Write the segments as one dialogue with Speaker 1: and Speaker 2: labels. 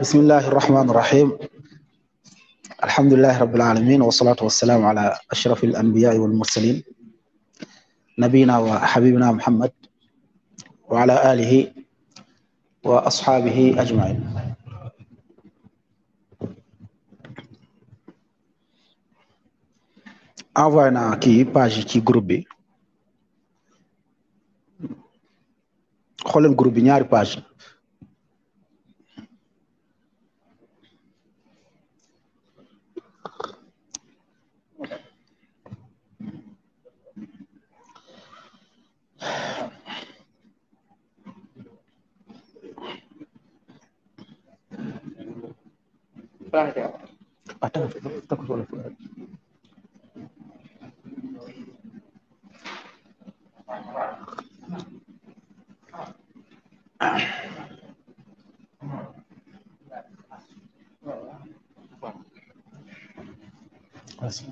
Speaker 1: بسم الله الرحمن الرحيم الحمد لله رب العالمين والصلاة والسلام على أشرف الأنبياء والمرسلين نبينا وحبيبنا محمد وعلى آله وأصحابه أجمعين envoyé naa kii page yi Bulan Attends, attends qu'on soit la Francia. Merci.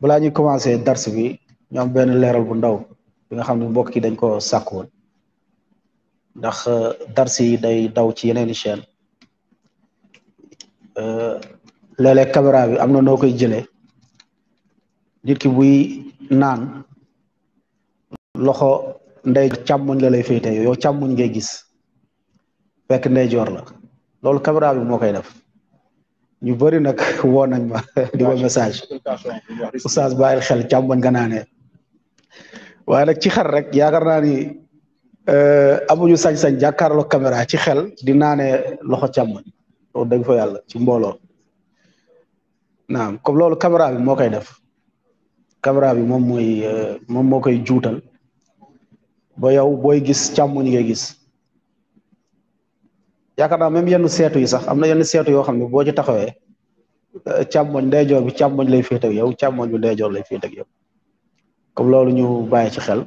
Speaker 1: balaa ñuy commencé dars bi ñu am ko ndax euh, darsi yi day daw ci yeneen i chaîne euh, léeg-léeg caméra bi am na noo koy jëlee nit buy naan loxo ndey càmmoñ la lay féete yow càmmoñ ngay gis fekk ndeyjoor la loolu caméra bi moo koy def ñu bëri nag woo nañ ma di ma message oustaz bàyyil xel càmmoñ nga naanee waaye nag ci xar rek yaakaar naa ni Euh, amuñu sañ-sañ jàkkaarloo kamera ci xel di naanee loxo càmmoñ loolu dëgg fa yàlla ci mbooloo naam comme loolu caméra bi moo koy def caméra bi moom mooy euh, moom moo koy juutal ba yow booy gis càmmoñ ngay gis yaakaar naa même yenn seetu yi sax am na yenn seetu yoo xam ne boo ci taxawee euh, càmmoñ ndeyjoor bi càmmoñ lay féet ak yow càmmoñ bi ndeyjoor lay féet ak yow comme loolu ñu bàyyi ci xel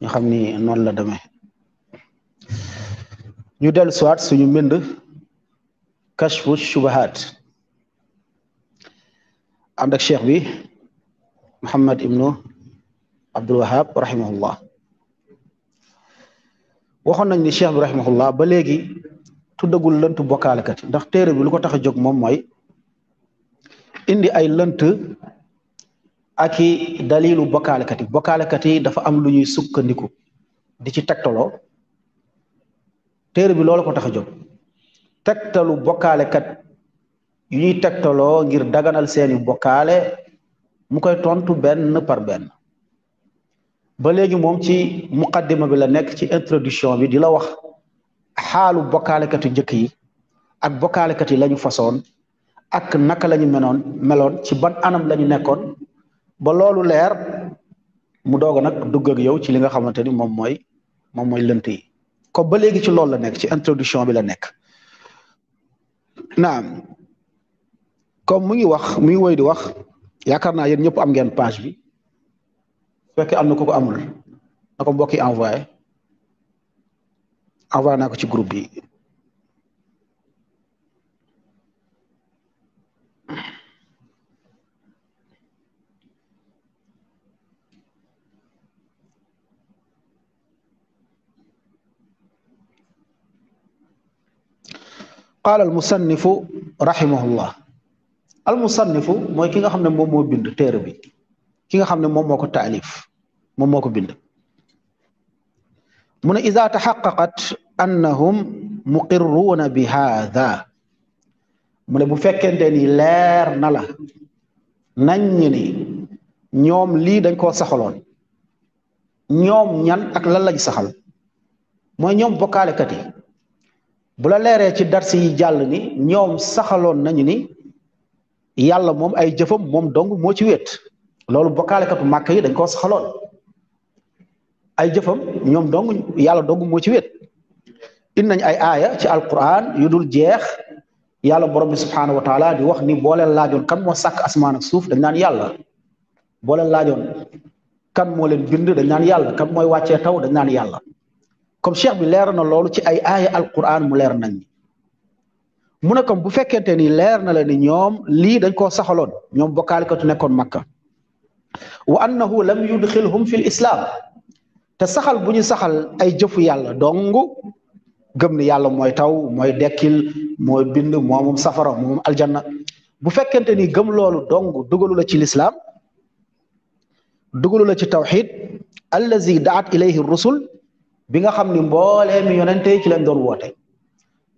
Speaker 1: ñu xam ni noonu la demee ñu dellu siwaat suñu mbind kashfu shubahat ànd ak cheikh bi Muhammad ibnu Abdul Wahab rahimahullah waxoon nañ ni cheikh bi rahimahullah ba léegi tuddagul lënt bokkaalekat ndax téere bi lu ko tax a jóg moom mooy indi ay lënt Aki dalilu bokalakati bokalakati dafa am luñuy sukkandiku di ci tektolo téere bi loolu ko tax a jóg yu ñuy tektolo ngir daganal seeni bokkaale mu koy tontu benn par benn ba léegi moom ci muqaddima bi la nekk ci introduction bi di la wax xaalu bokkaalekatu njëkk yi ak bokkaalekat yi lañu façon ak naka lañu menoon meloon ci ban anam lañu nekkoon ba loolu leer mu doogo nag dugg ak yow ci li nga xamante ni moom mooy moom mooy lënt yi comme ba léegi ci loolu la nekk ci introduction bi la nekk naam comme mu ngi wax mu woy di wax yaakaar naa yéen ñëpp am ngeen page bi fekkee am na ku ko amul na ko mbokki envoyé envoyé naa ko ci groupe bi qaala almusannifu rahimahullah almusannifu mooy ki nga xam ne moom moo bind téere bi ki nga xam ne moom moo ko taalif moom moo ko bind mu ne ida taxaqaqat annahum muqirruuna bi haada mu bu fekkente ni leer nala la naññ ni ñoom lii dañ koo saxaloon ñoom ñan ak lan lañ saxal mooy ñoom bokkaalekat yi bu la leeree ci darsi yi jàll ni ñoom saxaloon nañu ni yàlla moom ay jëfam moom dong moo ci wéet loolu bokkaalekatu màkk yi dañ koo saxaloon ay jëfam ñoom dong yàlla dong moo ci wéet in nañ ay aaya ci alquran yu dul jeex yàlla borom bi subhaanahu wa taala di wax ni boo leen laajoon kan moo sàkk asmaan ak suuf dañ naan yàlla boo leen laajoon kan moo leen bind dañ naan yàlla kan mooy wàccee taw dañ naan yàlla comme cheikh bi leer na loolu ci ay aaya alquran mu leer nañ mu ne comme bu fekkente ni leer na la ni ñoom lii dañ koo saxaloon ñoom bokkaalikatu nekkoon makka wa annahu lam yudxilhum fi lislaam te saxal bu ñu saxal ay jëfu yàlla dong gëm ni yàlla mooy taw mooy dekkil mooy bind moomum safara moomum aljanna bu fekkente ni gëm loolu dong dugalu la ci lislaam dugalu la ci tawxid allazi daat ilayhi rusul bi nga xam ni mbooleem yonente yi ci lañ doon woote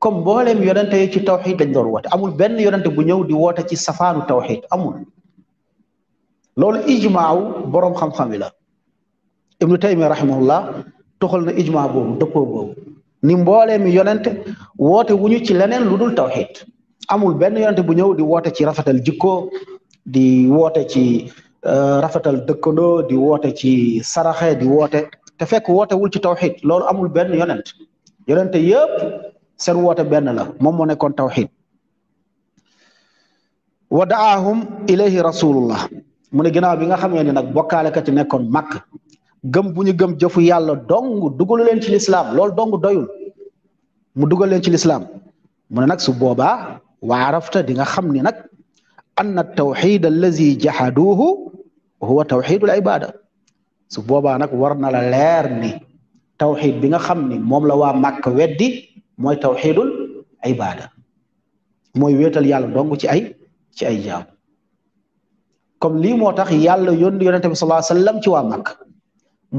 Speaker 1: comme mbooleem yonente yi ci tawxid lañ doon woote amul benn yonente bu ñëw di woote ci safaanu tawxid amul loolu ijmaaw boroom xam-xam yi la ibnu taymiya rahimahullah toxal na ijmaa boobu dëppoo boobu ni mbooleem yonente woote wuñu ci leneen lu dul tawxid amul benn yonente bu ñëw di woote ci rafetal jikko di woote ci euh, rafetal dëkkandoo di woote ci saraxe di woote te fekk woote wul ci tawxid loolu amul benn yonent yonente yëpp seen woote benn la moom moo nekkoon tawxid wa daahum ilayhi rasulullah mu ne ginnaaw bi nga xamee ni nag bokkaalekat yi nekkoon màkk gëm bu ñu gëm jëfu yàlla dong dugalu leen ci lislaam loolu dong doyul mu dugal leen ci lislaam mu ne nag su boobaa waarafta di nga xam ni nag anna tawxid allazi jahaduuhu huwa tawxidul ibada su boobaa nag war na la leer ni tawxid bi nga xam ni moom la waa màkk weddi mooy tawxidul ibaada mooy wéetal yàlla dong ci ay ci ay jaam comme lii moo tax yàlla yónni yonente bi sallallahu alayhi wasallam ci waa màkk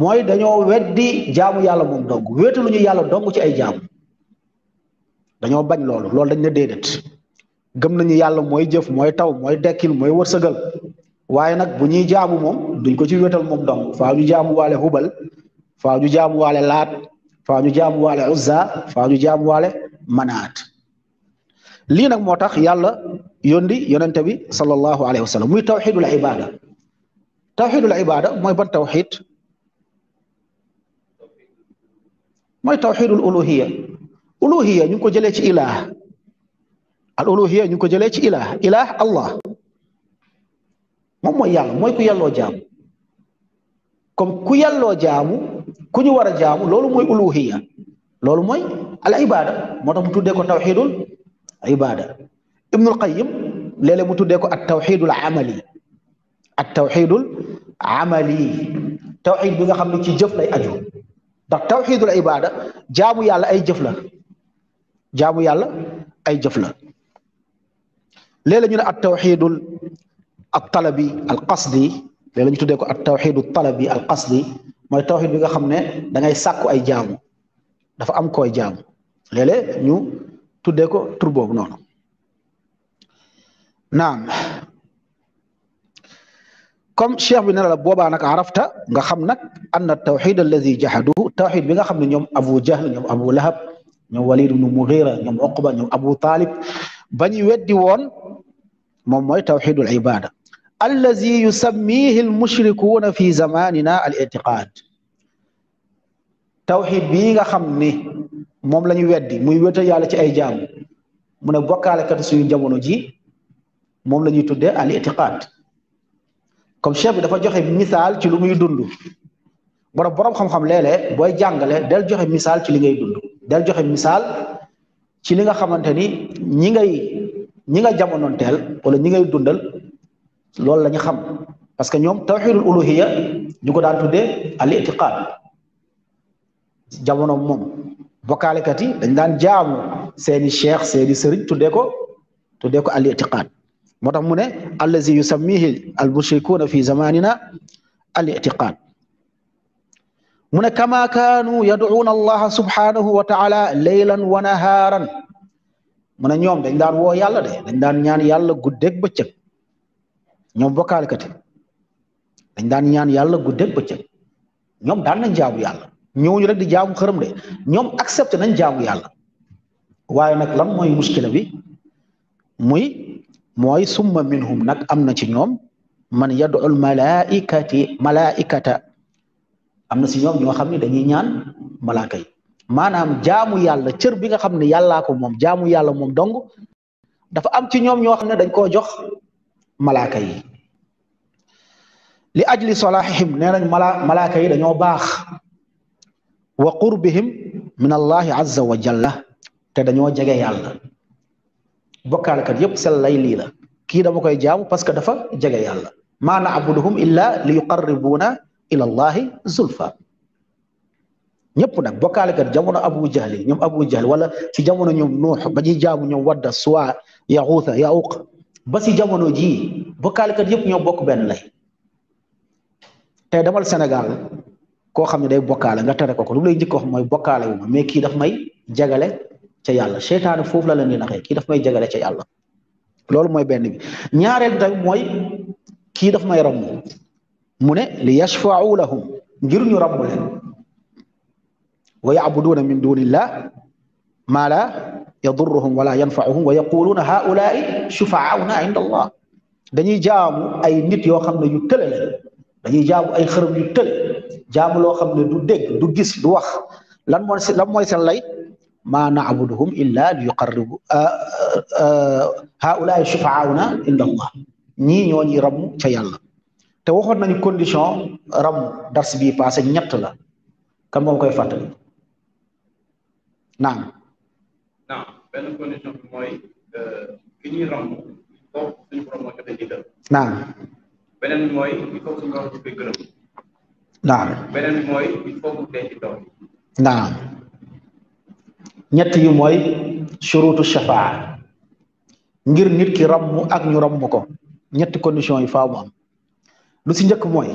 Speaker 1: mooy dañoo weddi jaamu yàlla moom dong wéetaluñu yàlla dong ci ay jaamu dañoo bañ loolu loolu dañ ne déedéet gëm nañu yàlla mooy jëf mooy taw mooy dekkil mooy wërsëgal waye nak bu ñuy jaamu mom duñ ko ci wetal mom dong faa ñu jaamu walé hubal faa ñu jaamu walé lat faa ñu jaamu walé uzza faa ñu jaamu walé manat li nak motax yàlla yóndi yonente bi sallallahu alayhi wasallam muy tawhidul ibada tawhidul ibada moy ban tawhid moy tawhidul uluhiyya uluhiyya ñu ko jëlé ci ilaah al uluhiyya ñu ko jëlé ci ilaah ilaah allah moom mooy yàlla mooy ku yàlloo jaamu comme ku yàlloo jaamu ku ñu war a jaamu loolu mooy uluhiya loolu mooy al ibada moo tax mu tuddee ko tawxidul ibada ibnul qayim léeg-léeg mu tuddee ko at tawxidul amali at tawxidul amali tawxid bi nga xam nu ci jëf lay aju ndax tawxidul ibada jaamu yàlla ay jëf la jaamu yàlla ay jëfla la léeg ne at tawxidul الطلبي القصدي léeg la ñu tuddee ko ak tawxidu talabi al qasdi mooy tawxid bi nga xam ne da ngay sàkku ay jaamu dafa am koy jaamu léeg-léeg ñu tuddee ko tur boobu noonu naam comme cheikh bi ne la boobaa nag arafta nga xam nag anna tawxid alladi jahaduhu tawxid bi nga xam ne ñoom abu jahl ñoom abu lahab ñoom walid ibnu mugira ñoom oqba ñoom abu talib ba ñu weddi woon moom mooy tawxidul ibada allazi yusammihi al mushrikuuna fi zamanina al itiqaad tawxid bii nga xam ni moom lañu ñu weddi muy wéetal yàlla ci ay jaamu mu ne bokkaalekat suñu jamono ji moom la ñuy tuddee al itiqaad comme dafa joxe misaal ci lu muy dund borom borom xam-xam léeg-léeg booy jàngale del joxe misaal ci li ngay dund del joxe misaal ci li nga xamante ni ñi ngay ñi nga jamonoonteel wala ñi ngay dundal loolu la ñu xam parce que ñoom tawxidul uluhiya ñu ko daan tuddee al itiqaad jamono moom bokkaalekat yi dañ daan jaamu seeni cheikh seeni sëriñ tuddee ko tuddee ko al itiqaad moo tax mu ne allazi yusammihi al mushrikuuna fi zamanina al itiqaad mu ne kama kaanu yaduuna allaha subhanahu wa taala leylan wa nahaaran mu ne ñoom dañ daan woo yàlla de dañ daan ñaan yàlla guddeeg bëccëg ñoom bokkaalekat yi dañ daan ñaan yàlla guddeeg ca ñoom daan na jaamu yàlla ñëwuñu rek di jaamu xërëm de ñoom accepté nañ jaamu yàlla waaye nag lan mooy muskila bi muy mooy summa minhum nag am na ci ñoom man yadul malaikati malaikata am na si ñoom ñoo xam ne dañuy ñaan malaaka yi maanaam jaamu yàlla cër bi nga xam ne yàllaa ko moom jaamu yàlla moom dong dafa am ci ñoom ñoo ne dañ koo jox malaaka yi li ajli salahihim nee mala malaaka yi dañoo baax wa qurbihim min allahi azza wa jalla te dañoo jege yàlla kat yépp sel lay lii la kii dama koy jaamu parce que dafa jege yàlla ma naabuduhum illa li yuqarribuna ila allahi zulfa ñëpp nag kat jamono abu jahli ñoom abu jahl wala ci jamono ñoom nuux ba ñuy jaamu ñoom wadda suwa yaxuuta yauq ba si jamono jii bokkaalikat yëpp ñoo bokk benn lay tey demal Sénégal koo xam ne day bokkaale nga tere ko ko lu lay njëkk wax mooy bokkaale wu ma mais daf may jagale ca yàlla seytaane foofu la leen di naxee kii daf may jagale ca yàlla loolu mooy benn bi ñaareel bi tamit mooy kii daf may romb mu ne li yashfa'u lahum ngir ñu romb leen wa min duunillah ma la yadurruhum wala yanfa'uhum wa yaquluuna haulaai shufaa'una inda allah jaamu ay nit yoo xam ne yu tële la dañuy jaamu ay xërëm yu tële jaamu loo xam ne du dégg du gis du wax lan mooy lan mooy seen lay ma na'buduhum illa li yuqarribu ah, ah, ah, haulaai shufaa'una inda allah ñii ñoo ñuy ramm ca yàlla te waxoon nañu condition ramm dars bii passé ñett la kan moom koy fàttali naam non benn condition euh, ki ñuy naam. beneen mooy surutu shafaa ngir nit ki romb ak ñu romb ko ñetti condition yi faaw mu lu si njëkk mooy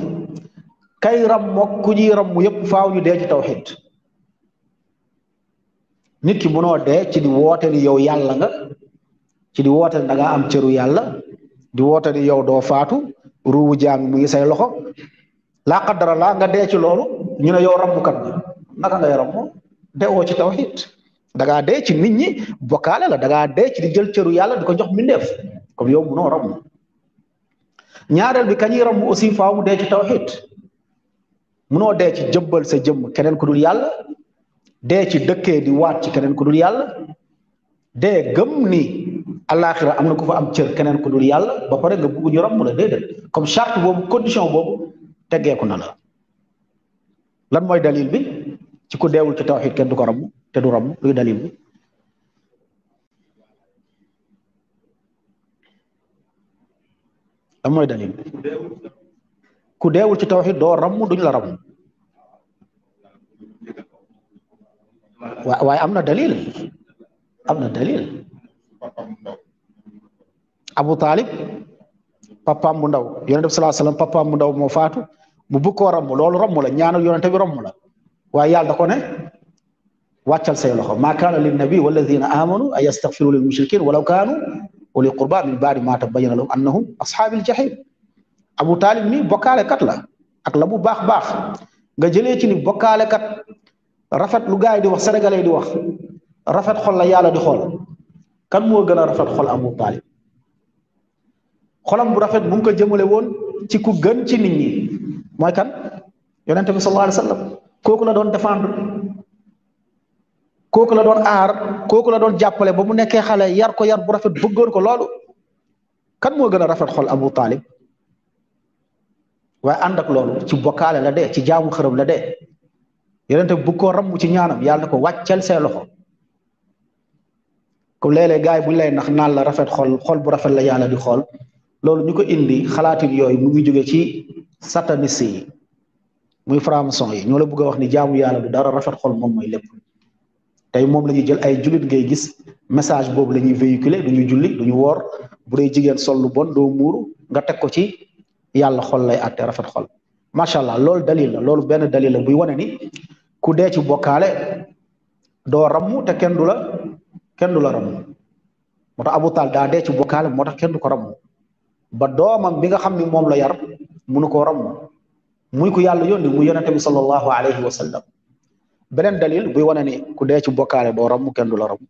Speaker 1: kay romb mook ku ñuy romb yépp faaw ñu dee ci tawxiid nit ki munoo dee ci di woote ni yow yàlla nga ci di woote ni am cëru yàlla di woote ni yow doo faatu ruubu jaam mu ngi say loxo laa qaddara laa nga dee ci loolu ñu ne yow rambukat nga naka ngay rambu deewoo ci tawhid da ngaa dee ci nit ñi bokkaale la da ngaa dee ci di jël cëru yàlla di ko jox mbindeef comme yow munoo rambu ñaareel bi kañuy rambu aussi faaw mu dee ci taw tawhid munoo dee ci jëbbal sa jëmm keneen ku dul yàlla dee ci dëkkee di waat ci keneen ku dul yàlla dee gëm ni alaaxira am na ku fa am cër keneen ku dul yàlla ba pare nga bugg ñu romb la comme charte boobu condition boobu teggeeku na la lan mooy dalil bi ci ku deewul ci taw tawxid kenn du ko romb te du romb luy dalil mooy dalil ku deewul ci tawxid doo romb duñ la ramu Why, I'm not Dalil? I'm not Dalil. Abu Talib, Papa bu you yonente bi salaa sallam papaam bu ndaw moo faatu mu bëgg koo romb loolu romb la ñaanal yonente bi romb la waaye yàlla say loxo maa kaana nabi walladina amanu an yastaghfiru lil mushrikin walaw kaanu uli qurba min baadi maa tabayyana lahum annahum ashaabil jahim abu taalib mi bokkaale kat la ak la Bokale baax baax nga jëlee ci ni bokkaale kat Rafat lu gaay di wax sénégalais di wax rafet xol la yalla di xol kan mo gëna rafat rafet xol abu talib xolam bu rafet bu ko jëmele won ci ku gën ci nit ñi moy kan yonente bi sallallahu alayhi wasallam koku la doon défendre koku la doon aar koku la doon jappalé ba mu nekké xalé yar ko yar bu rafet bëggoon ko lolu kan mo gëna rafat rafet xol abu talib waaye ànd ak ci bokkaale la dee ci jaamu xërëm la yonente bu ko ramm ci ñaanam yàlla ko wàccel see loxo ko léeg-léeg gars yi bu ñu lay nax naan la rafet xol xol bu rafet la yàlla di xool loolu ñu ko indi xalaatin yooyu mu ngi jóge ci sataniste yi muy franc-maçon yi ñoo la bugg a wax ni jaamu yàlla du dara rafet xol moom mooy lépp tey moom la ñuy jël ay jullit ngay gis message boobu la ñuy véhiculer du ñu julli du ñu woor bu dee jigéen sol lu bon doo muuru nga teg ko ci yàlla xol lay àtte rafet xol macha allah loolu dalil la loolu benn dalil la buy ku dee ci bokkaale doo ramm te kenn du la kenn du la ramm tax Abu Taal daa dee ci bokkaale moo tax kenn du ko ramm ba doomam bi nga xam ni moom la yar munu koo ramm muy ku yàlla yoon muy yonente bi sallallahu alayhi wa sallam beneen dalil buy wane ni ku dee ci bokkaale doo ramm kenn du la ramm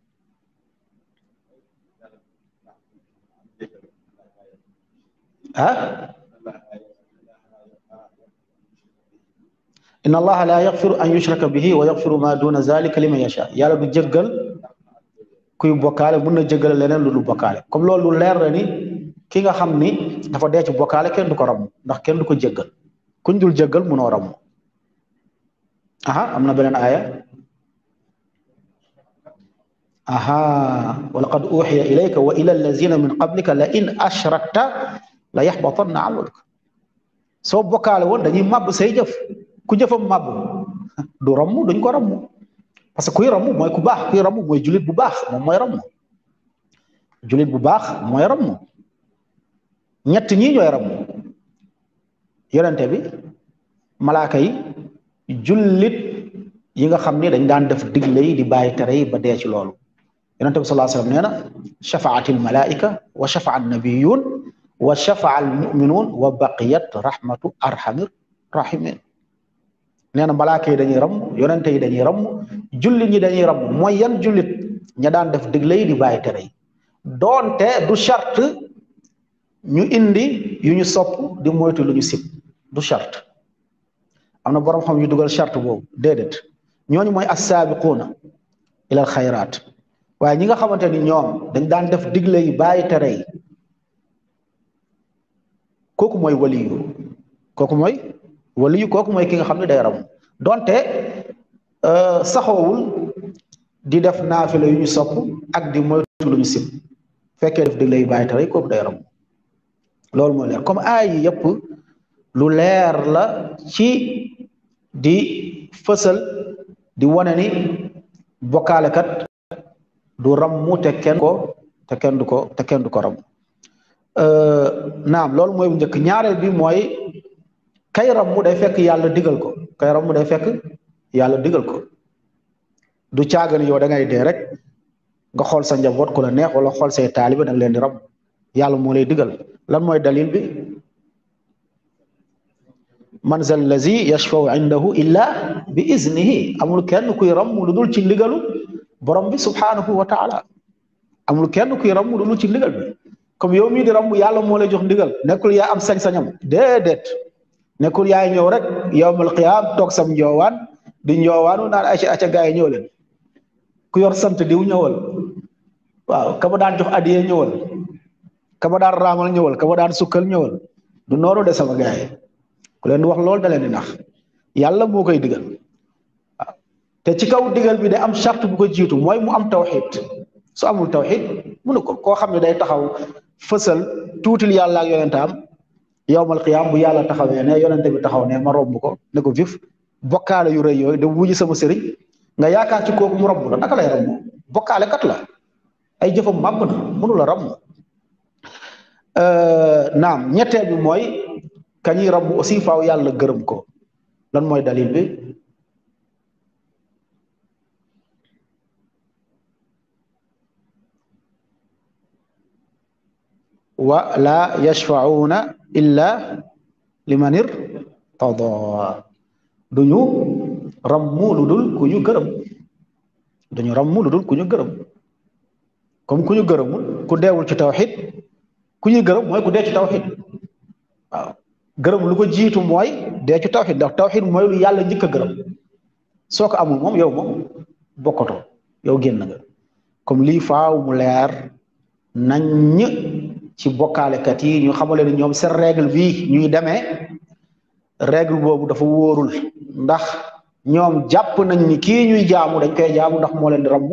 Speaker 1: ان الله لا يغفر ان يشرك به ويغفر ما دون ذلك لمن يشاء يا رب جغل كوي بوكال من جغل لنن لولو بوكال كوم لولو لير ني كيغا خامني دا فا ديتي بوكال كين دوكو رام داخ كين دوكو جغل كون دول جغل منو رام اها امنا بنن ايه اها ولقد اوحي اليك والى الذين من قبلك لئن اشركت ليحبطن عملك سو بوكال وون داني ماب سي جف ku jëfam màbb du romb duñ ko romb parce que kuy romb mooy ku baax kuy romb mooy julit bu baax mom moy romb julit bu baax moy romb ñett ñi ñoy romb yonente bi malaaka yi julit yi nga xamni dañ daan def digle yi di bàyyi tere yi ba dee ci loolu yonente bi salaa sallam nee na shafaat malaa'ika wa shafaa nabiyyun wa shafaa mu'minun, wa baqiyat rahmatu arhamir rahimin nee na malaaka yi dañuy ramm yonente yi dañuy ramm jullit ñi dañuy ramm mooy yan jullit ña daan def digle yi di bàyyi tere doonte du charte ñu indi yu ñu sopp di moytu lu ñu sib du charte am na borom xam yu dugal charte boobu déedéet ñooñu mooy assaabiquuna ilal xayraat waaye ñi nga xamante ni ñoom dañ daan def digle yi bàyyi tere yi kooku mooy waliyu kooku mooy wala yu kooku mooy ki nga xam ne day ram donte euh, saxoowul di def naafila yu ñu sopp ak di moytu lu ñu sib fekkee def di lay bàyyi tere kooku day ram loolu mooy leer comme aay yi yëpp lu leer la ci di fësal di wane ni bokkaale kat du rammu te kenn ko te kenn du ko te kenn du ko ram euh, naam loolu mooy bu njëkk ñaareel bi mooy kay rammu day fekk yàlla digal ko kay rammu day fekk yàlla digal ko du caagan yow da ngay dee rek nga xool sa njaboot ku la neex wala xool say taalibe da nga leen di yàlla moo lay digal lan mooy dalil bi man zal lazi yashfau indahu illa bi iznihi amul kenn kuy ramm lu dul ci ndigalu borom bi subhanahu wa kenn kuy ramm lu dul ci bi comme yow mii di ramm yàlla moo lay jox ndigal nekkul yaa am sañ-sañam déedéet nekkul yaay ñëw rek yowmal qiyaam toog sam njoowaan di njoowaanu naan aca aca ga yi ñëw leen ku yor sant diw ñëwal waaw ka ma daan jox addiye ñëwal ka ma daan raamal ñëwal ka ma daan sukkal ñëwal du nooru de sama gaa yi ku leen wax loolu da leen di nax yàlla moo koy digal te ci kaw digal bi day am charte bu ko jiitu mooy mu am tawxid su amul tawxid mu ne ko koo xam ne day taxaw fësal tuutil yàlla ak yonentaam yowmal qiyaam bu yàlla taxawee ne yonente bi taxaw ne ma romb ko ne ko vif bokkaale yu rëy yooyu da wuji sama sëriñ nga yaakaar ci kooku mu romb la naka lay romb bokkaale kat la ay jëfam màbb na mënu la romb euh, naam ñetteel bi mooy kañuy rabu aussi faaw yàlla gërëm ko lan mooy dalil bi wa la yashfauna illa liman irtada duñu rammu lu dul ku ñu gërëm duñu rammu lu dul ku ñu gërëm comme ku ñu gërëmul ku deewul ci tawxid ku ñuy gërëm mooy ku dee ci tawxid waaw gërëm lu ko jiitu mooy dee ci tawxid ndax tawxid mooy yàlla njëkk gërëm soo ko amul moom yow moom bokkatoo yow génn nga comme lii mu leer nañ ci bokkaalekat yi ñu xamale ni ñoom seen régle bii ñuy deme règle boobu dafa wóorul ndax ñoom jàpp nañ ni ki ñuy jaamu dañ koy jaamu ndax moo leen di ramm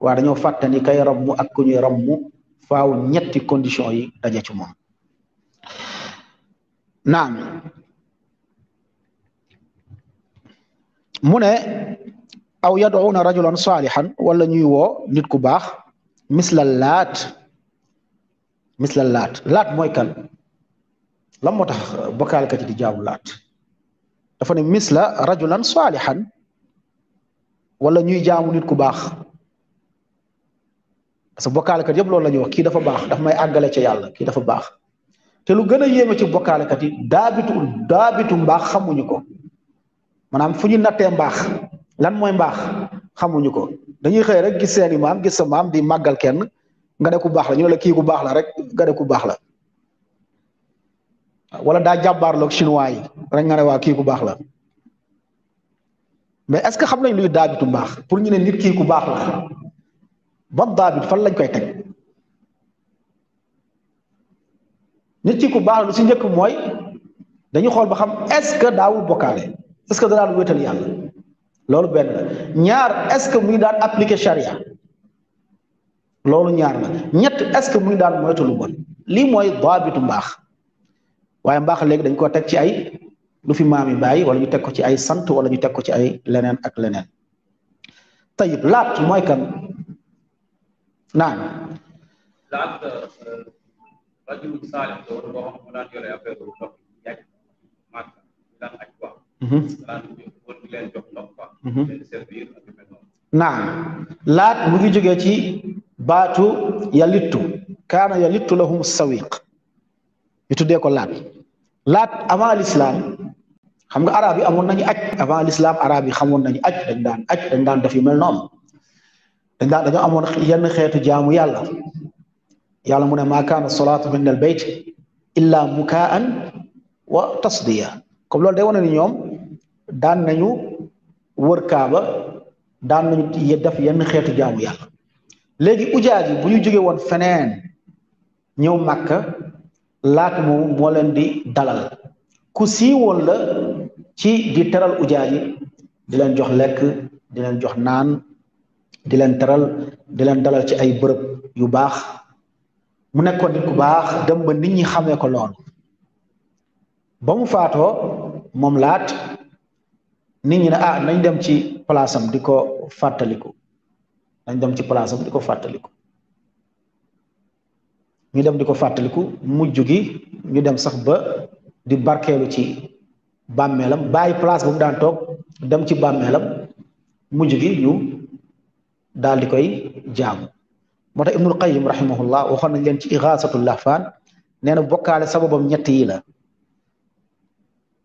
Speaker 1: waaye dañoo fàtte ni kay ramm ak ku ñuy ramm faaw ñetti condition yi daje ci moom naam mu ne aw yaduuna rajulan saalihan wala ñuy woo nit ku baax mislal laat misla laat laat mooy kan lan moo tax bokkaalkat yi di jaamu laat dafa ne misla rajulan saalihan wala ñuy jaamu ku baax parce que bokkaalkat yëpp lool la ñuy wax kii dafa baax daf may àggale ca yàlla kii dafa baax te lu gën a yéeme ci bokkaalekat yi daabitu daabitu mbaax xamuñu ko maanaam fu ñu natte mbaax lan mooy mbaax xamuñu ko dañuy xëy rek gis seen i maam gis sa maam di màggal kenn nga ne ku baax la ñu ne kii ku baax la rek nga ne baax la wala daa jàmbaarloog yi rek nga waa kii ku baax la mais est-ce que xam nañ luy daabitu mbaax pour ñu ne nit kii ku baax la ban daabit fan lañ koy teg nit kii baax la lu si njëkk mooy dañu xool ba xam est-ce que daawul bokkaale est-ce que da daan wéetal yàlla loolu benn ñaar est-ce que muy daan appliquer charia loolu ñaar la ñett est-ce que mu daal daan moytu lu bon lii mooy daabitu mbaax waaye mbaax léegi dañ koo teg ci ay lu fi maam yi wala ñu teg ci ay sant wala ñu teg ko ci ay leneen ak leneen tayib laat mooy kan naan euh, mhm. mhm. laat mu ngi jógee ci baatu yalittu kaana yalittu lahum sawiq ñu tuddee ko laat laat avant l'islam xam nga arab yi amoon nañu aj avant l'islam arab yi xamoon nañu aj dañ daan aj dañ daan def yu mel noonu dañ daan dañoo amoon yenn xeetu jaamu yàlla yàlla mu ne maa kaana solaatu min al bayt illa mukaan wa tasdiya comme loolu day wane ni ñoom daan nañu wër kaaba daan nañu def yenn xeetu jaamu yàlla léegi ujaaj yi bu ñu jóge woon feneen ñëw màkka laat moom moo leen di dalal ku siiwoon la ci di teral ujaaj yi di leen jox lekk di leen jox naan di leen teral di leen dalal ci ay bërëb yu baax mu nekkoon nit ku baax dem ba nit ñi xamee ko lool ba mu faatoo moom laat nit ñi ne ah nañ dem ci palaasam di ko fàttaliku dañ dem ci place am di fataliku, ñu dem di fataliku mujju gi ñu dem sax ba di barkelu ci bàmmeelam bay place bu mu daan tok dem ci bàmmeelam mujju gi ñu daal di koy jaam moo ibnul rahimahullah waxoon nañ leen ci ighasatul lahfan neena bokale sababam ñetti la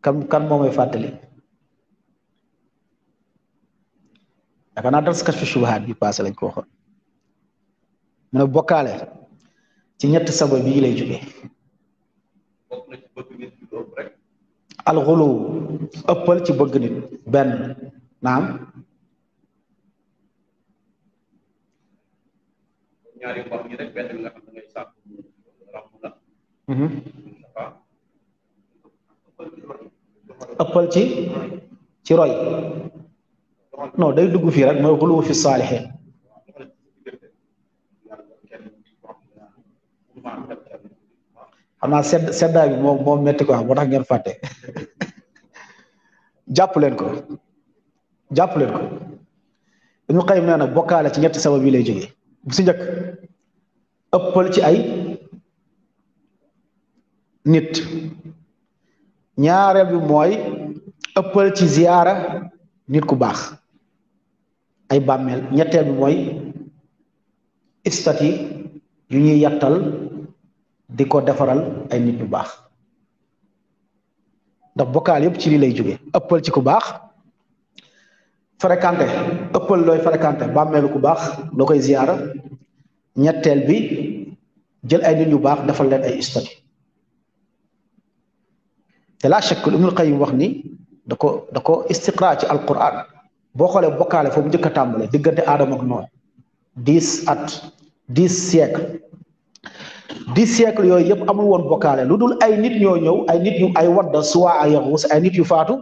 Speaker 1: kan kan momay fatali dafa naa dars kashfu shubuhaat bi passé lañ ko waxoon mu ne bokkaale ci ñetti sabab bii lay jógee alxulu ëppal ci bëgg nit benn naam mhm. ëppal ci ci roy non day dugg fii rek mooy xuluwu fi saalixiin xam naa sedd bi moom moom métti ko ngeen fàtte jàpp leen ko jàpp leen ko Ibnu Qayyim nee na bokkaale ci ñetti sabab yi lay jógee bu si njëkk ëppal ci ay nit ñaareel bi mooy ëppal ci ziyaara nit ku baax ay bàmmeel ñetteel bi mooy statue yu ñuy yàttal di ko defaral ay nit ñu baax ndax bokkaal yëpp ci lii lay jóge ëppal ci ku baax fréquenté ëppal looy fréquenté bàmmeelu ku baax loo koy ziyaara ñetteel bi jël ay nit ñu baax defal leen ay statue te laa shakk lu Ibnul Qayyim wax ni da ko da ko istiqra ci boo xoolee bokkaale foofu njëkk a tàmbale diggante aadama ak noonu dix at dix siècle dix siècle yooyu yëpp amul woon bokkaale lu dul ay nit ñoo ñëw ay nit ñu ay wadda suwaa ay yaxuus ay nit yu faatu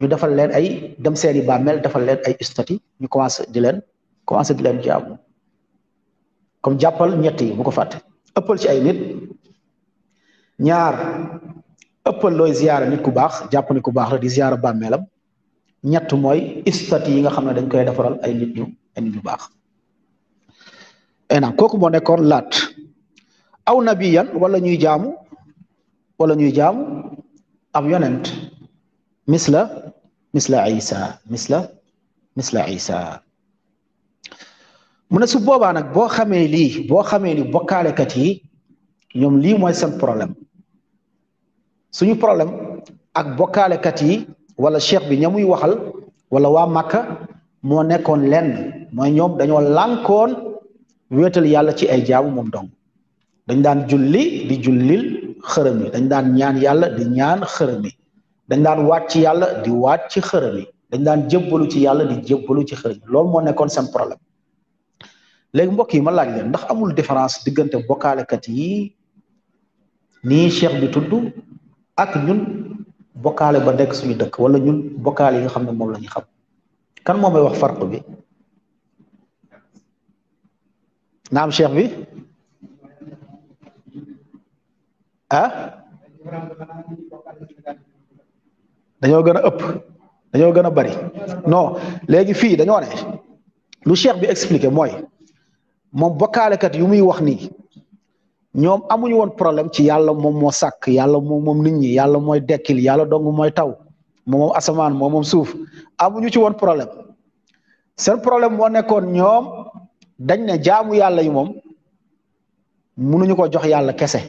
Speaker 1: ñu defal leen ay dem seeni bàmmeel defal leen ay stati ñu commencé di leen commencé di leen jaamu comme jàppal ñett yi bu ko fàtte ëppal ci ay nit ñaar ëppal looy ziyaara nit ku baax jàpp ni ku baax la di ziyaara bàmmeelam ñett mooy istat yi nga xam ne dañ koy defaral ay nit ñu ay nit ñu baax ena eh, kooku moo nekkoon laat aw nabiyan wala ñuy jaamu wala ñuy jaamu ab yonent misla misla isa misla misla isa mu ne su boobaa nag boo xamee lii boo xamee ni bokkaalekat yi ñoom lii mooy seen problème suñu problème ak bokkaalekat yi wala cheikh bi ña muy waxal wala waa Makka moo nekkoon lenn mooy ñoom dañoo lànkoon wéetal yàlla ci ay jaamu moom dong dañ daan julli di jullil xërëm yi dañ daan ñaan yàlla di ñaan xërëm yi dañ daan waat ci yàlla di waat ci xërëm yi dañ daan jébbalu ci yàlla di jébbalu ci xërëm yi loolu moo nekkoon seen problème léegi mbokk yi ma laaj leen ndax amul différence diggante bokkaalekat yi nii cheikh bi tudd ak ñun bokale ba nek suñu dëkk wala ñun bokale yi nga xamne mom lañu xam kan moom may wax farq bi naam cheikh bi ah dañu gëna ëpp dañu gëna bari non légui fi dañu ne lu cheikh bi expliquer moy mom bokale kat yu muy wax ni ñoom amuñu woon problème ci yàlla moom moo sàkk yàlla moom moom nit ñi yàlla mooy dekkil yàlla dong mooy taw moom moom asamaan moom moom suuf amuñu ci woon problème seen problème moo nekkoon ñoom dañ ne jaamu yàlla yi moom mënuñu koo jox yàlla kese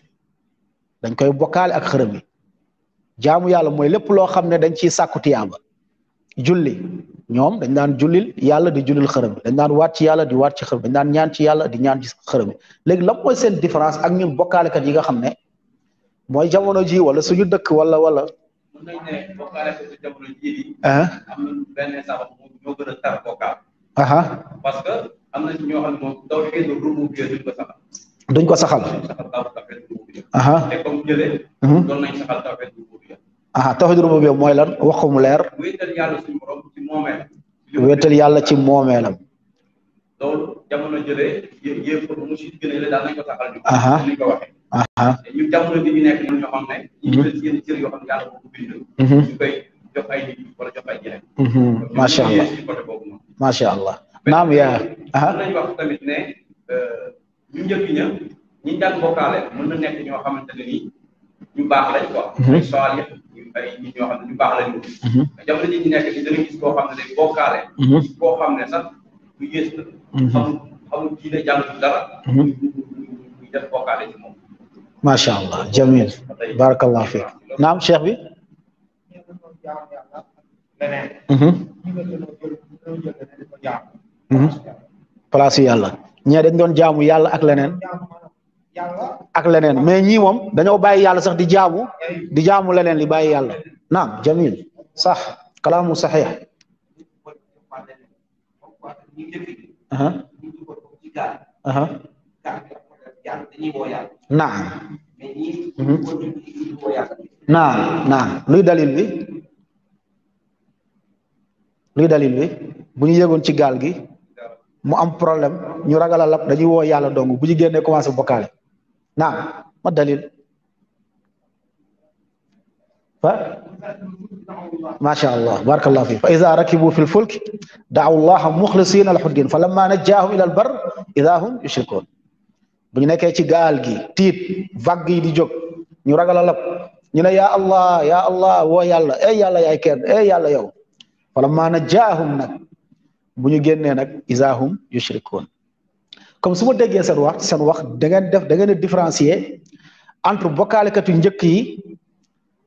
Speaker 1: dañ koy bokkaale ak xërëm jaamu yàlla mooy lépp loo xam ne dañ ciy sàkku tiyaaba julli ñom dañ daan julil yàlla di julil xërëm bi dañ daan waat ci yàlla di wat ci xërëm dañ daan ñaan ci yàlla di ñaan ci xërëm bi léegi moy mooy seen différence ak ñun kat yi nga xamne moy jamono ji wala suñu dëkk wala wala aha duñ ko saxal duñ ko saxal aha te comme jëlee doon nañ saxal tawxiidul rububiyya Aha, tawhidul rububiyya moy lan wax ko mu leer wéetal yang ci moomeelam wéetal yàlla ci moomeelam loolu jamono jëlee yépp mu ci la daal nañ ko aha aha ñu jamono di ñu nekk ñoo xam ne ñu mhm. jël seen cër yoo xam ne ko mhm. ñu koy jox ay nit wala jox ay mhm. ma sha Allah ma sha Allah naam ya. aha nañ wax tamit ne euh, ñu njëkk ña ñi jàng bokkaale mën nekk ñoo ni ñu baax lañ ay nit ñoo xam ne ñu baax mhm. mhm. la allah fiik naam cheikh bi. Mhm. place yàlla ñee dañ jaamu yàlla ak leneen. ak leneen mais ñi moom dañoo bàyyi yàlla sax di jaamu di jaamu leneen li bàyyi yàlla naam jamil sax kalaamu saxiix naam mhm. naam naam luy dalil bi luy dalil bi bu ñu ci gaal gi mu am problème ñu ragal a dañuy woo yàlla dong bu ñu commencé نعم ما الدليل ف... ما شاء الله بارك الله فيك فإذا ركبوا في الفلك دعوا الله مخلصين الحدين فلما نجاهم إلى البر إذا هم يشركون بني نكي تي قال جي تيت فقي دي جوك نرغى للب نينا يا الله يا الله ويا الله اي يا الله يا كير اي يا الله يو فلما نجاهم نك بني جنة إذا هم يشركون comme suma déggé sen wax sen wax da ngeen def da ngeen différencier entre bokkaalekatu njëkk yi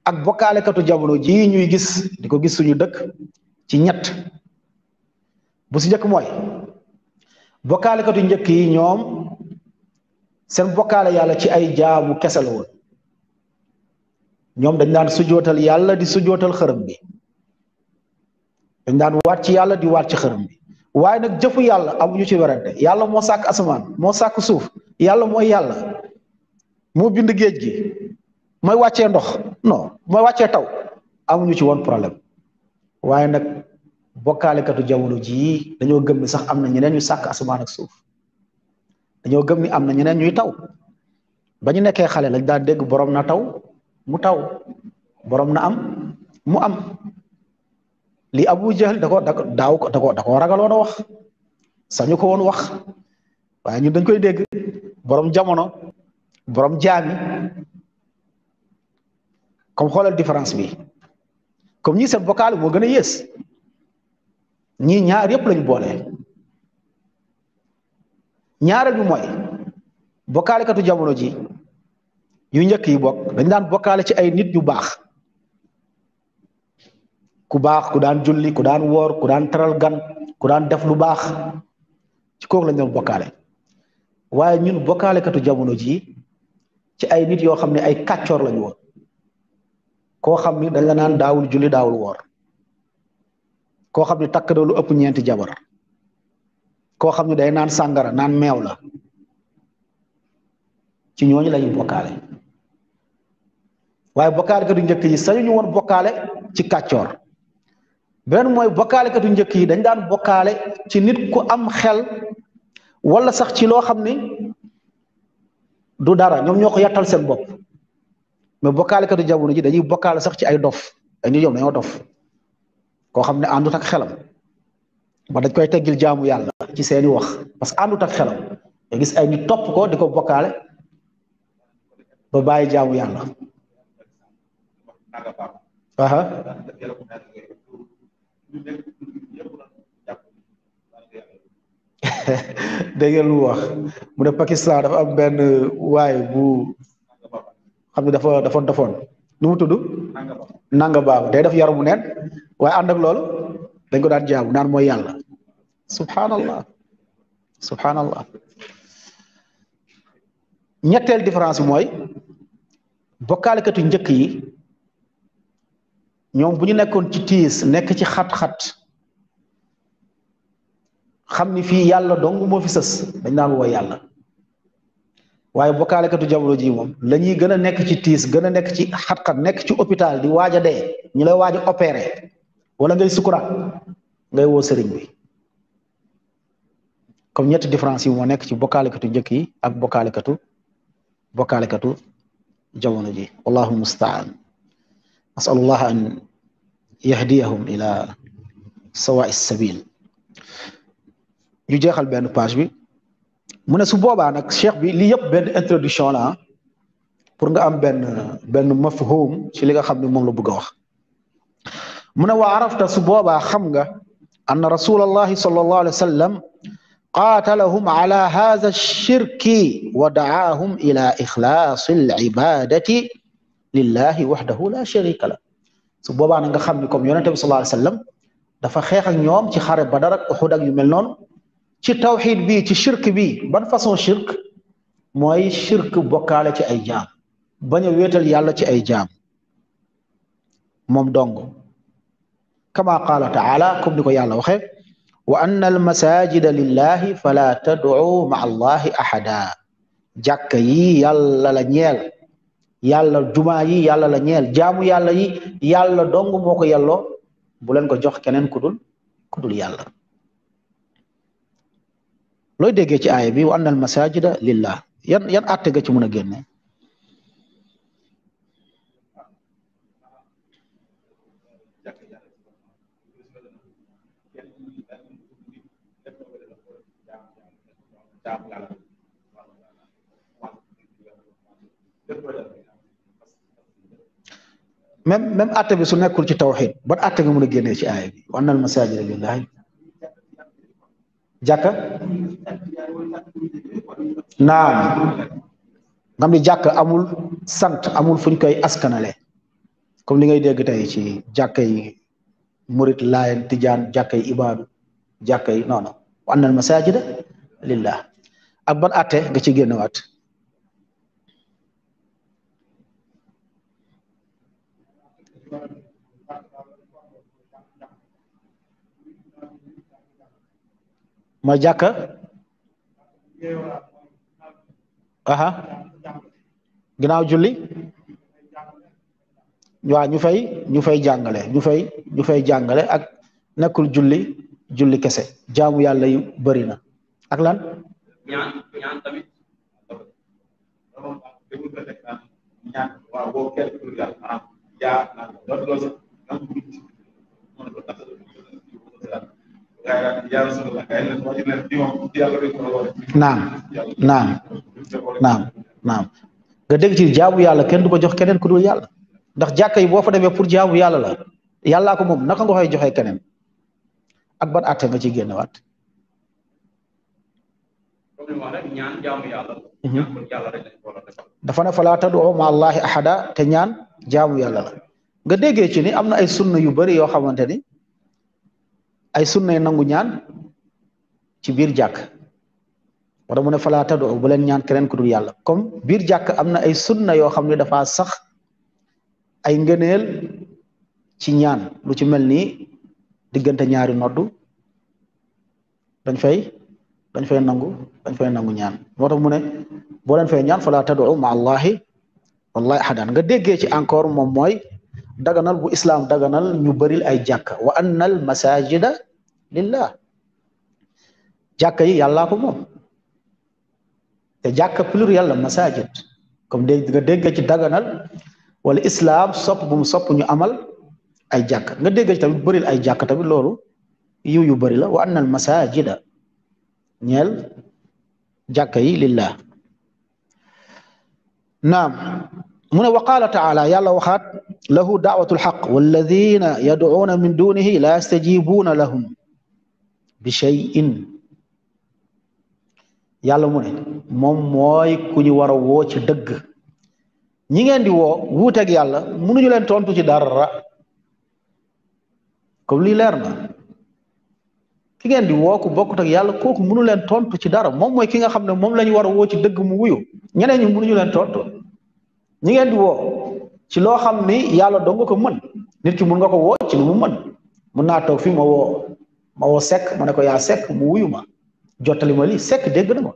Speaker 1: ak bokkaalekatu jamono ji ñuy gis diko gis suñu dëkk ci ñett bu si moy mooy bokkaalekatu njëkk yi ñoom sen bokkaale yàlla ci ay jaamu kessel woon ñoom dañ daan sujootal yalla di sujootal xërëm bi dañ daan waat ci yàlla di waat ci xërëm bi waaye nag jëfu yàlla amuñu ci werante yàlla moo sàkk asamaan moo sàkk suuf yàlla mooy yàlla moo bind géej gi mooy wàccee ndox non mooy wàccee taw amuñu ci woon problème waaye nag bokkaalekatu jamono jii dañoo gëm ni sax am na ñeneen ñu sàkk asamaan ak suuf dañoo gëm ni am na ñeneen ñuy taw ba ñu nekkee xale lañ daan boroom na taw mu taw boroom na am mu am li Abu Jahl da ko daaw ko da ko da koo a wax sañu ko woon wax waaye ñu dañ koy dégg borom jamono borom jaami kom xoolal différence bi comme ñii seen vocal moo gën a yées ñii ñaar yëpp lañu boole ñaareel bi mooy bokaalekatu jamono ji yu njëkk yi bokk dañ daan bokkaale ci ay nit ñu baax ku baax ku daan julli ku daan woor ku daan teral gan ku daan def lu baax ci kooku lañ doon bokkaale waaye ñun bokkaale katu jamono ji ci ay nit yoo xam ne ay kàccoor lañu woon koo xam ni dañ la naan daawul julli daawul woor koo xam ni takk na lu ëpp ñeenti jabar koo xam ni day naan sàngara naan meew la ci ñooñu lañu bokkaale waaye bokkaale katu njëkk yi sañu ñu woon bokkaale ci kàccoor beneen mooy bokkaalekatu njëkk yi dañu daan bokkaale ci nit ku am xel wala sax ci loo xam ni du dara ñoom ñoo ko yàttal seen bopp mais bokkaalekatu jamono ji dañuy bokkaale sax ci ay dof ay nit ñoom dañoo dof koo xam ne àndut ak xelam ba dañ koy teggil jaamu yàlla ci seeni wax parce que àndut ak xelam nga gis ay nit topp ko di ko bokkaale ba bàyyi jaamu yàlla. dégg ngeen lu wax mu ne Pakistan dafa am benn waay bu xam ne dafa dafa dafon nu mu tudd nanga baab day def yaramu neen waaye ànd ak loolu dañ ko daan jaamu naan mooy yàlla subhanallah subhanallah ñetteel différence bi mooy katu njëkk yi ñoom bu ñu nekkoon ci tiis nekk ci xat-xat xam ni fii yàlla dong moo fi sës dañ naan woo yàlla waaye bokkaalekatu jamono ji moom la gën a nekk ci tiis gën a nekk ci xat nekk ci hôpital di waaj a dee ñu lay waaja opeere wala ngay sukuraat ngay woo sëriñ bi comme ñetti différence yi moo nekk ci bokkaalekatu njëkk yi ak bokkaalekatu bokkaalekatu jamono ji wallahu mustaan أسأل الله أن يهديهم إلى سواء السبيل ñu jeexal benn page bi mu ne su boobaa nag cheikh bi li yëpp benn introduction la pour nga am benn benn mafhum ci li nga xam ne moom la bëgg a wax mu ne wa arafta su boobaa xam nga أن رسول الله صلى الله عليه وسلم قاتلهم على هذا الشرك ودعاهم إلى إخلاص العبادة لله وحده لا sharika la su boobaa nag nga xam ni comme yonente bi sallallahu alayhi wasallam dafa xeex ak ñoom ci xare Badar ak Uhud ak yu mel noonu ci tawxid bi ci shirk bi ban façon shirk moy shirk bokkaale ci ay jaam bañ a yàlla ci ay jaam moom dong kama qaala taala comme ni ko yàlla waxee wa anna almasajida lillahi fala tad'u ma'a allahi ahada jàkka yàlla la ñeel yàlla jumaa yi yàlla la ñeel jamu yàlla yi yàlla dong moo ko yelloo bu leen ko jox keneen ku dul ku yàlla looy déggee ci aaya bi wa anna al masajida lila yan yan atte ga ci mën a génne Thank même même atte bi su nekkul ci tawxid ban atte nga mën a génnee ci aaya bi wa annal masaajida lillahi jàkka naam ngam ni jàkk amul sant amul fuñ koy askanale comme li ngay dégg tey ci jàkka yi murit laayen tijaan jàkka yi ibaadu jàkka yi non non wa annal masaajida lillah ak ban atte nga ci génnewaat mooy jàkka aha ginnaaw julli waaw ñu fay ñu fay jàngale ñu fay ñu fay jàngale ak nekkul julli julli kese jaamu yàlla yu bëri na ak lan ñaan naam naam naam naam nga dégg ci jaabu yàlla kenn du ko jox keneen ku dul yàlla ndax jàkka yi boo fa demee pour jaabu yàlla la yàllaa ko moom naka nga koy joxee keneen ak ban àtte nga ci génnewaat. Mhm. dafa ne falaa tad'u ma'a Allahi ahada te ñaan jaabu yàlla nga déggee ci am na ay sunna yu bari yoo xamante ni. ay sunnay nangu ñaan ci bir jàkk wala mu ne falaa tadu bu len ñaan keneen ku dul yalla comme bir amna ay sunna yo xamni ne dafa sax ay ngeeneel ci ñaan lu ci melni digënta ñaari noddu dañ fay dañ fay nangu dañ fay nangu ñaan moo mu ne bo len fay ñaan falaa tadu ma allah wallahi ahadan nga déggé ci encore mom moy daganal bu islaam daganal ñu bëril ay jàkka wa annal masajida lillah jàkka yi yàllaa ko moom te jàkka pluriel la masajid comme dégg nga dégg ci daganal wala islaam sopp bu mu ñu amal ay jàkka nga dégg ci tamit bëril ay jàkka tamit loolu yiw yu bëri la wa annal masajida ñeel jàkka yi lillah naam mu ne wa qaala taala yàlla waxaat lahu daawatul xaq walladina yaduuna min dunihi la yastajibuuna lahum bi cheyin yàlla mu ne moom mooy ku ñu war a woo ci dëgg ñi ngeen di woo wuuteeg yàlla mënuñu leen tontu ci dara comme li leer na ki ngeen di woo ku bokkut ak yàlla kooku mënu leen tontu ci dara moom mooy ki nga xam ne moom la ñu war a woo ci dëgg mu wuyu ñeneen ñi mënuñu leen tontu ñi ngeen di woo ci loo xam ni yàlla doo nga ko mën nit ki mun nga ko woo ci lu mu mën mun naa toog fii ma woo ma woo sekk ma ne ko yaa sekk mu wuyu ma jottali ma lii sekk dégg na ma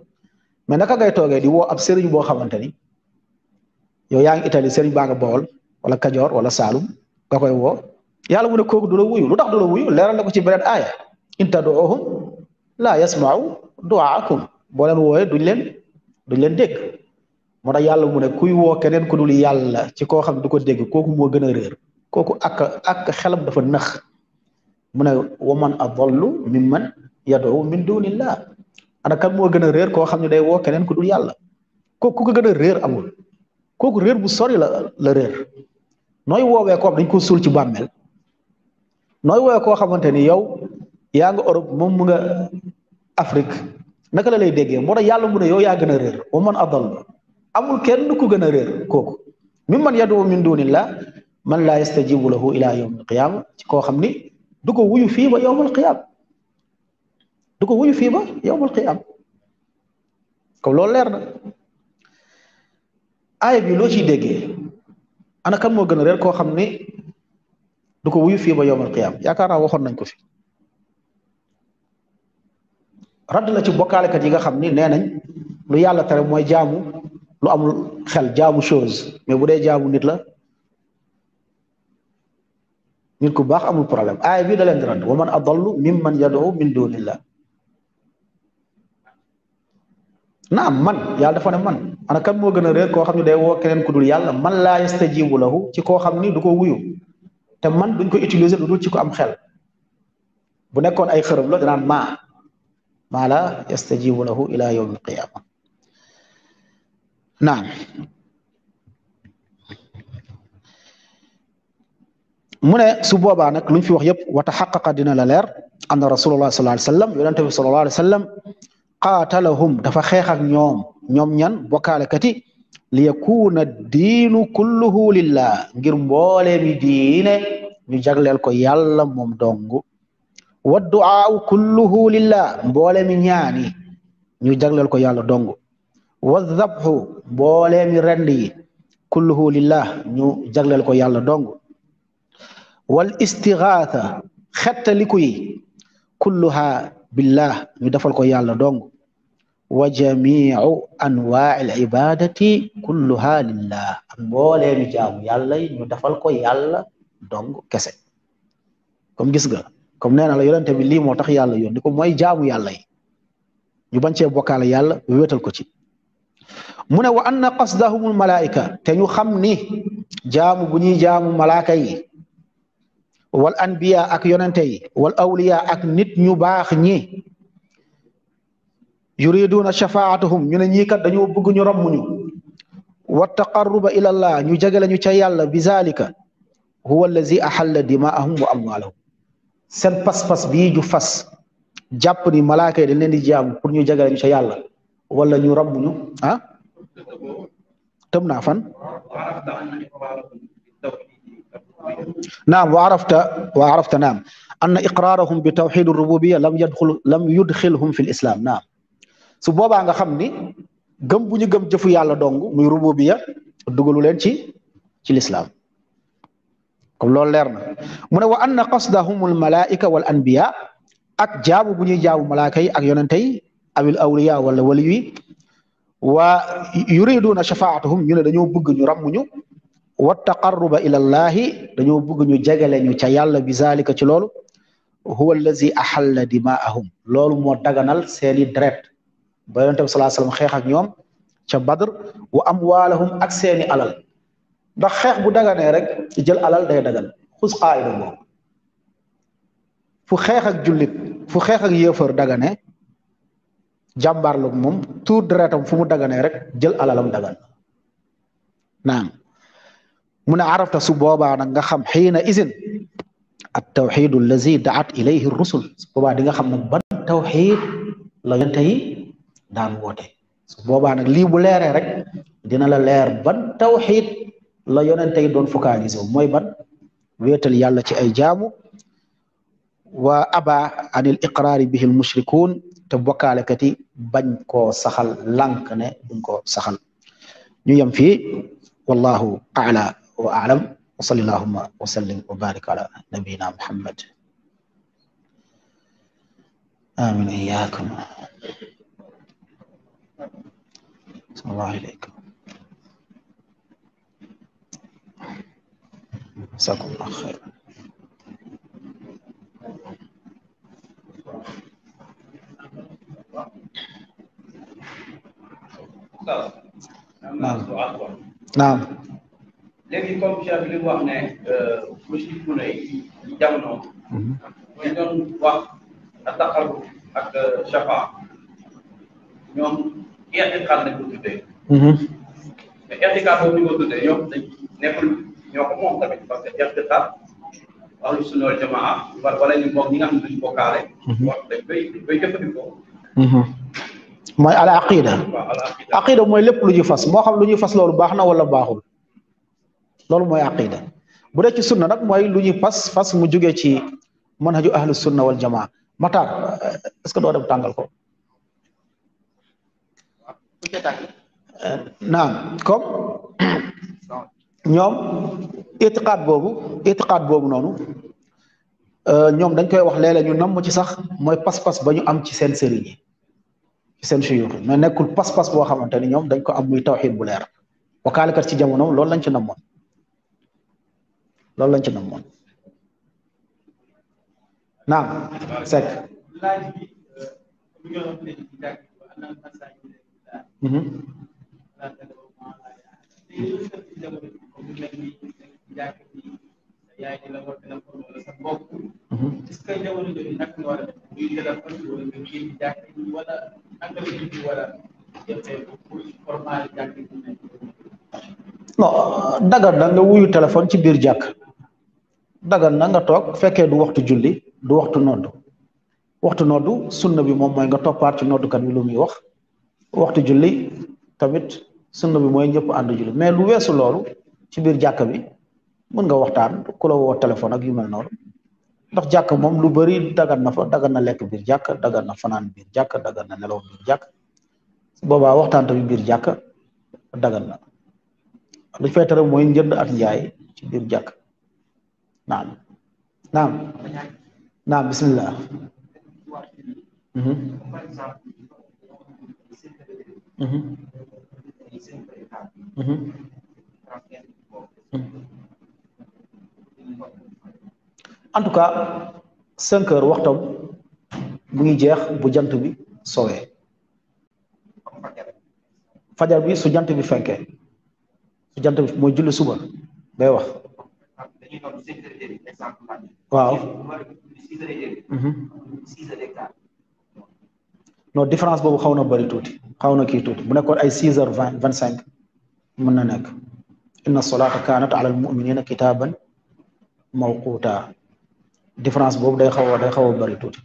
Speaker 1: mais naka ngay toogee di woo ab sëriñ boo xamante ni yow yaa ngi Italie sëriñ baa nga Bawol wala Kajoor wala Saalum nga koy wo yàlla mu ne kooku du la wuyu lu tax du la wuyu leeral na ko ci beneen aaya in tadoohum do yasmau duaakum boo len wooyee duñ leen duñ leen dégg moo tax yàlla mu ne kuy woo keneen ku dul yàlla ci koo xam ne du ko dégg kooku moo gën a réer kooku ak ak xelam dafa nax mu ne wa man adallu mimman yad'u min dunillah ana kan moo gën a réer koo xam ne day woo keneen ku dul yàlla kooku ku ko gën a réer amul kooku réer bu sori la la réer nooy woowee ko dañ ko suul ci bàmmeel nooy woowee koo xamante ni yow yaa nga Europe moom mu nga Afrique naka la lay déggee moo tax yàlla mu ne yow yaa gën a réer wa man adallu amul kenn ku gën a réer kooku min man yadoo min dunillah man laa yastajibu lahu ila yawm alqiyama ci koo xam ni du ko wuyu fii ba yawm alqiyam du ko wuyu fii ba yawm alqiyam leer na aaya bi loo ciy déggee ana kan moo gën a réer koo xam ni du ko wuyu fii ba yawm alqiyam yaakaar naa waxoon nañ ko fi radd la ci bokkaalekat yi nga xam ni nee nañ lu yàlla tere mooy jaamu lu amul xel jaamu chose mais bu dee jaamu nit la nit ku baax amul problème aaya bi da leen di rand wa man adallu mimman yad'u min dunillah naam man yàlla dafa ne man ana kan moo gën a réer koo xam ne day woo keneen ku dul yàlla man laa yastajibu lahu ci koo xam ni du ko wuyu te man duñ ko utiliser lu dul ci ko am xel bu nekkoon ay xërëm la danaan maa maa laa yastajibu lahu ila yawm alqiyama نعم mu ne su boobaa nag lu ñu fi wax yëpp wata xaqaqa dina la leer anna rasulullah sallallahu alayhi wasallam yonente bi sallallahu alayhi wasallam qaatalahum dafa xeex ak ñoom ñoom ñan bokkaalekat yi li yakuna diinu kulluhu lillah ngir mboolee mi diine ñu jagleel ko yàlla moom dong wa du'aa kulluhu lillah mboolee mi ñaani ñu jagleel ko yàlla dong wa zabxu booleemi rend yi kulluhu lillah ñu jagleel ko yàlla dong wal istigaatha xettaliku yi kulluha billah ñu defal ko yàlla dong wa jamiu anwail ibadati kulluha lillah ak mbooleemi jaamu yàlla yi defal ko yàlla dong kese comme gis nga comme nee na la yonente bi lii moo tax yàlla yónni ko mooy jaamu yàlla yi ñu bañ bokal bokkaale yàlla wéetal ko ci mu ne wa anna qasdahumul malaika te ñu xam ni jaamu bu ñuy jaamu malaaka yi wal anbiya ak yonente yi wal awliya ak nit ñu baax ñi yuriduna shafaatuhum ñu ne ñii kat dañoo bëgg ñu romb ñu wa taqarruba ila allah ñu jegele ñu ca yàlla bi zalika huwa allazi ahalla dimaahum wa amwaalahum seen pas-pas bii ju fas jàpp ni malaaka yi dañ leen di jaamu pour ñu jegele ñu ca yàlla wala ñu romb ñu ah تمنع فن وعرفت أن نعم وعرفت وعرفت نعم أن إقرارهم بتوحيد الربوبية لم يدخل لم يدخلهم في الإسلام نعم سو boobaa nga xamni gëm buñu gëm jëfu yàlla dong muy rububiya dugalu len ci ci l'islam comme loolu leer na mune wa anna qasdahum al malaika wal anbiya ak jaabu buñu jaabu malaika ak yonentay awil awliya wala waliyi ويريدون شفاعتهم ينا دانيو بوغ ني رامو ني والتقرب الى الله دانيو بوغ ني جاغال ني تا يالا بي ذلك تي لولو هو الذي احل دماءهم لولو مو دغانال سيني دريت با يونتو صلى الله عليه وسلم خيخ اك نيوم تا بدر واموالهم اك سيني علل دا خيخ بو دغاني رك جيل علل داي دغال خص قائد مو فو خيخ اك جوليت فو خيخ اك يفر دغاني jambar lu moom tour de retam fumu dagane rek jël alalam dagal naam mu arafta su boba na nga xam hina izin at tawhid allazi daat ilayhi ar rusul boba di nga xam nak ban tawhid la yonente daan wote su boba nak li bu lere rek dina la leer ban tawhid la yonente don doon focaliser wu ban wetal yàlla ci ay jaamu wa aba an al iqraari bihi al mushrikuun te bokale kati bagn ko saxal lànk ne duñ ko saxal ñu yam fi wallahu a'la wa a'lam wa sallallahu wa sallim wa barik ala nabiyina muhammad amin iyakum sallallahu ilaykum جزاكم الله خيرا naam naam. léegi comme chef li wax ne euh, monsieur Kounay yi jamono. Mhm. ñu doon wax ataqarrub ak euh, shafa ñoom i'tiqaad lañ ko tuddee. Mhm. mais i'tiqaad boobu ñu ko tuddee ñoom dañ nekkul ñoo ko moom tamit parce que i'tiqaad ahlu sunna wal jamaa ñi nga xam ne duñu bokkaale. wax mhm. dañ koy dañ koy jëfandikoo. Mhm. mooy al aqida aqida mooy lépp lu ñuy fas moo xam lu ñuy fas loolu baax na walla baaxul loolu mooy aqida bu dee ci sunna nag mooy lu ñuy fas fas mu jugee ci manhaju ahlu sunna wal jamaa mataar est-ce que doo dem tàngal ko euh, naam comme ñoom itiqaat boobu itiqaat boobu noonu euh, ñoom dañ koy wax léeg ñu namm ci sax mooy pas-pas ba ñu am ci seen sëriñ yi ci seen suyuux mais nekkul pas-pas boo xamante ni ñoom dañ ko am muy tawxiid bu leer wakaalikat ci jamonoom loolu lañ ci namoon loolu lañ ci namoon naam Seck yaa mm-hmm. ngi formal dagan na nga wuyu téléphone ci biir jàkk dagan na nga toog fekkee du waxtu julli du waxtu nodd waxtu noddu sunna bi moom mooy nga toppaat ci noddukat bi lu muy wax waxtu julli tamit sunna bi mooy julli mais lu ci bi mën nga waxtaan ku la woo téléphone ak yu mel noonu ndax jàkk moom lu bari dagan na fa dagan na lekk biir jàkk dagan na fanaan biir jàkk dagan na nelaw biir jàkk su boobaa waxtaan tamit biir jàkk dagan na lu fay tere mooy njënd ak njaay ci biir jàkk naam naam naam bismillah Mm-hmm. Mm-hmm. en tout cas cinq heures waxtam mu ngi jeex bu jant bi soowee fajar bi su jant bi fenkee jant bi mooy julli suba day wax waaw mhm. non différence boobu xaw na bëri tuuti xaw na kii tuuti bu nekkoon ay six heures vingt vingt cinq mën na nekk inna solaata kaanat ala almuminina kitaaban mawquuta différence boobu day xaw a day xaw a bari tuuti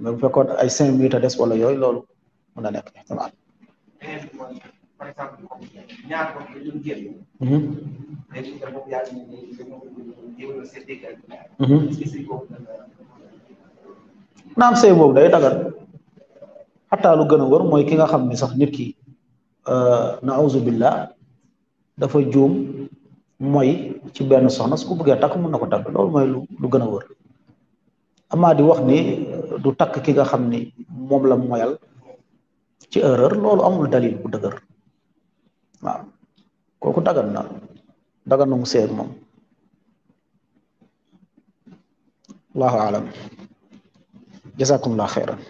Speaker 1: mais bu fekkoon ay cinq minutes a des wala yooyu loolu mën na nekk a seet dégg day dagan xataa lu gën a wër mooy ki nga xam ne sax nit ki euh, na auzu dafa juum moy ci ben soxna su ko bëggee takk mën na ko takk lu lu gëna wër amma di wax ni du tak ki nga xamni mom la moyal ci erreur lool amul dalil bu dëgër waaw nah, koku dagan na dagan na mu seeg moom alam jazakum khairan